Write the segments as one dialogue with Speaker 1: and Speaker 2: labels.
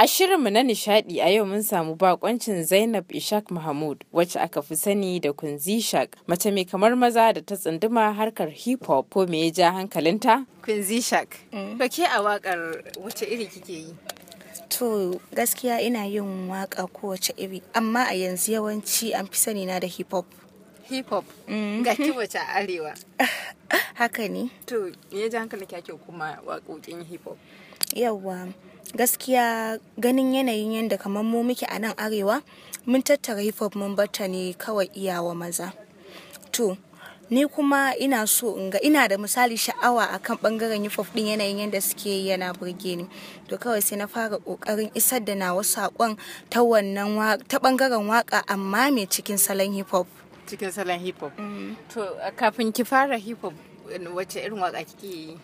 Speaker 1: A shirinmu na nishadi a yau mun samu bakoncin Zainab Ishaq Mahmud wacce aka fi sani da Kunzi Shaq mace mai kamar maza da ta tsunduma harkar hip hop ko me ya ja
Speaker 2: hankalinta? Kunzi Shaq. Ba ke a wakar wace iri kike yi? To gaskiya ina yin waka ko wacce iri amma a yanzu yawanci an fi sani na da hip hop. Hip hop. Mm-hmm. Ga ki
Speaker 1: wace arewa.
Speaker 2: Haka ne.
Speaker 1: To me ya ja hankalinki kake kuma waƙoƙin hip hop?
Speaker 2: yawwa gaskiya ganin yanayin yadda kamar mu muke a nan arewa mun tattara hip hop mun bata ne kawai iyawa maza. To ni kuma ina so in ga ina da misali sha'awa akan bangaren hip hop din yanayin yadda suke yi yana burge ni. To kawai sai na fara kokarin isar da nawa saƙon ta wannan ta bangaren waka amma me cikin salon hip hop.
Speaker 1: Cikin salon hip hop. Mm.
Speaker 2: To kafin ki fara hip hop
Speaker 1: wacce irin waka kike yi?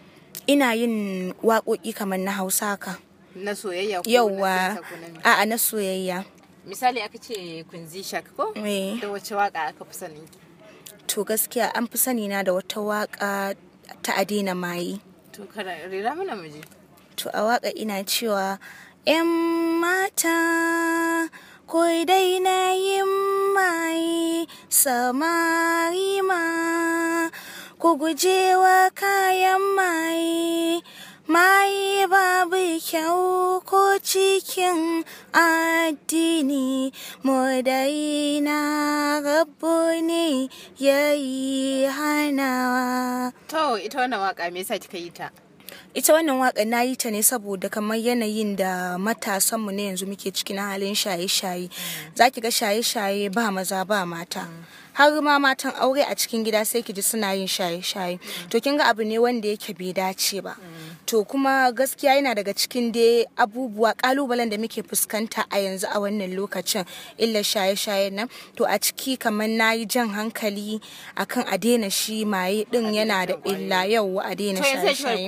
Speaker 2: ina yin waƙoƙi kamar na hausa ka
Speaker 1: na soyayya ko yauwa a'a
Speaker 2: na soyayya
Speaker 1: misali aka ce kunzi shak ko eh. da wace waka aka fi sani
Speaker 2: to gaskiya an fi sani na da wata waka ta adina mayi
Speaker 1: to kana rera mana muje
Speaker 2: to a waka ina cewa yan mata ko dai na yin mai samari ma ku guje wa kayan maye maye babu kyau ko cikin addini na rabu ne ya yi hanawa to ita wannan waka me yasa kika yi ta ita wannan waka na yi ta ne saboda kamar yanayin da matasanmu na yanzu muke cikin halin shaye-shaye mm. za ki ga shaye-shaye ba maza ba mata mm. har ma matan aure a cikin gida sai ki ji suna yin shaye-shaye to kin ga abu ne wanda yake bai dace ba to kuma gaskiya yana daga cikin da abubuwa kalubalen da muke fuskanta a yanzu a wannan lokacin illa shaye-shaye nan to a ciki kamar na yi jan hankali akan a daina shi maye din yana da illa yau a daina shaye-shaye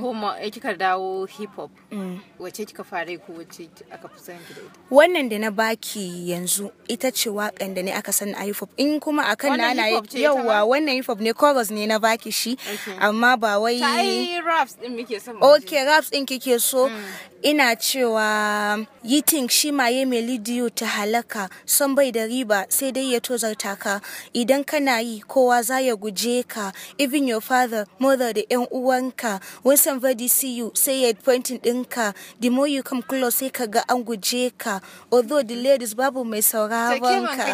Speaker 1: kika dawo hip hop mm. wace kika fara ko wace aka
Speaker 2: fi san da ita wannan da na baki yanzu ita ce wakan da ne aka san a hip hop in kuma akan wannan ana yauwa wannan hip hop ne chorus ne na baki shi amma ba wai ta yi
Speaker 1: raps din muke son
Speaker 2: okay raps din kike so mm. ina cewa yitin shi maye mai lidiyo ta halaka son bai da riba sai dai ya tozarta ka idan kana yi kowa za ya guje ka even your father mother da yan uwanka when somebody see you sai ya pointing ɗinka the more you come close sai ka ga an guje ka although the ladies babu mai sauraron ka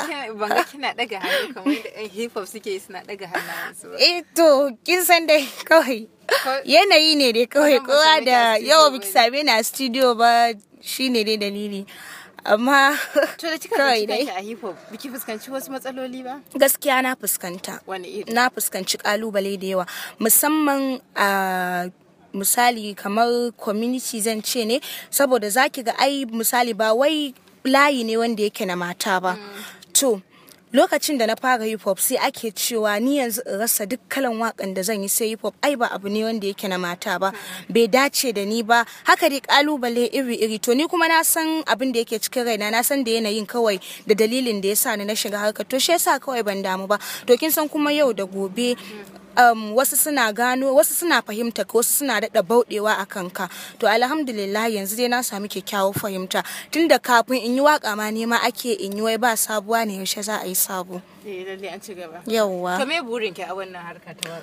Speaker 1: Eh, hip hop suke suna daga hannayensu eh
Speaker 2: to kin san dai kawai yanayi ne dai kawai kowa da yawa biki same na studio ba shine dai dalili amma to da kika kawai dai a
Speaker 1: hip hop biki fuskanci wasu matsaloli ba
Speaker 2: gaskiya na fuskanta na fuskanci kalubale da yawa musamman a misali kamar community zan ce ne saboda zaki ga ai misali ba wai layi ne wanda yake na mata ba mm. to lokacin da na fara hip hop sai ake cewa ni yanzu in rasa duk kalan wakan da zan yi sai hip hop ai ba abu ne wanda yake na mata ba bai dace da ni ba haka dai kalubale iri iri to ni kuma na san abin da yake cikin raina na san da yanayin kawai da dalilin da yasa ni na shiga harkar to shi yasa kawai ban damu ba to kin san kuma yau da gobe um, wasu suna gano wasu suna fahimta ka wasu suna daɗa bauɗewa a kanka to alhamdulillah yanzu dai na sami kyakkyawar fahimta tunda kafin in yi waka ma nema ake in yi wai ba sabuwa ne yaushe za a yi sabu.
Speaker 1: Eh, yawwa kame burinki a wannan harka ta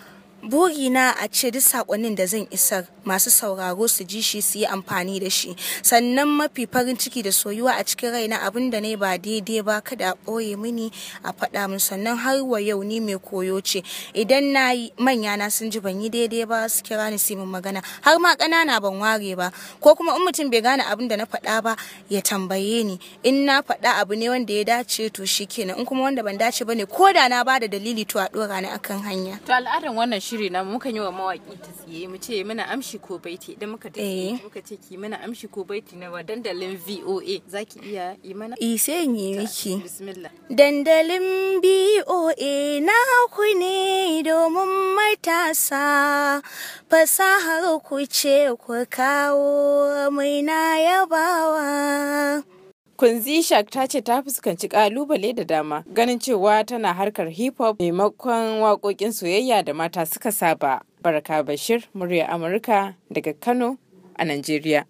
Speaker 2: na a ce duk sakonnin da zan isar masu sauraro su ji shi su yi amfani da shi sannan mafi farin ciki da soyuwa a cikin raina abin da ne ba daidai ba kada a ɓoye mini a faɗa min sannan har wa yau ni mai koyo ce idan na yi manya na sun ji ban yi daidai ba su kira ni su min magana har ma ƙanana ban ware ba ko kuma in mutum bai gane abin da na faɗa ba ya tambaye ni in na faɗa abu ne wanda ya dace to shi kenan in kuma wanda ban dace ba ne ko da na ba da dalili to a ɗora ni akan hanya.
Speaker 1: to al'adan wannan shiri na muka yi wa mawaki ta tsaye mu ce muna amshi ko baiti idan muka ta eh. muka ce ki muna amshi ko baiti na wa dandalin VOA ki iya yi mana eh
Speaker 2: sai yi miki bismillah dandalin VOA na ku ne domin matasa fasahar ku ce ku kawo mai na yabawa
Speaker 1: Kunzi Shark ta ce ta fuskanci kalubale da dama ganin cewa tana harkar hip hop maimakon waƙoƙin soyayya da mata suka saba. Baraka Bashir, murya Amurka daga Kano a Najeriya.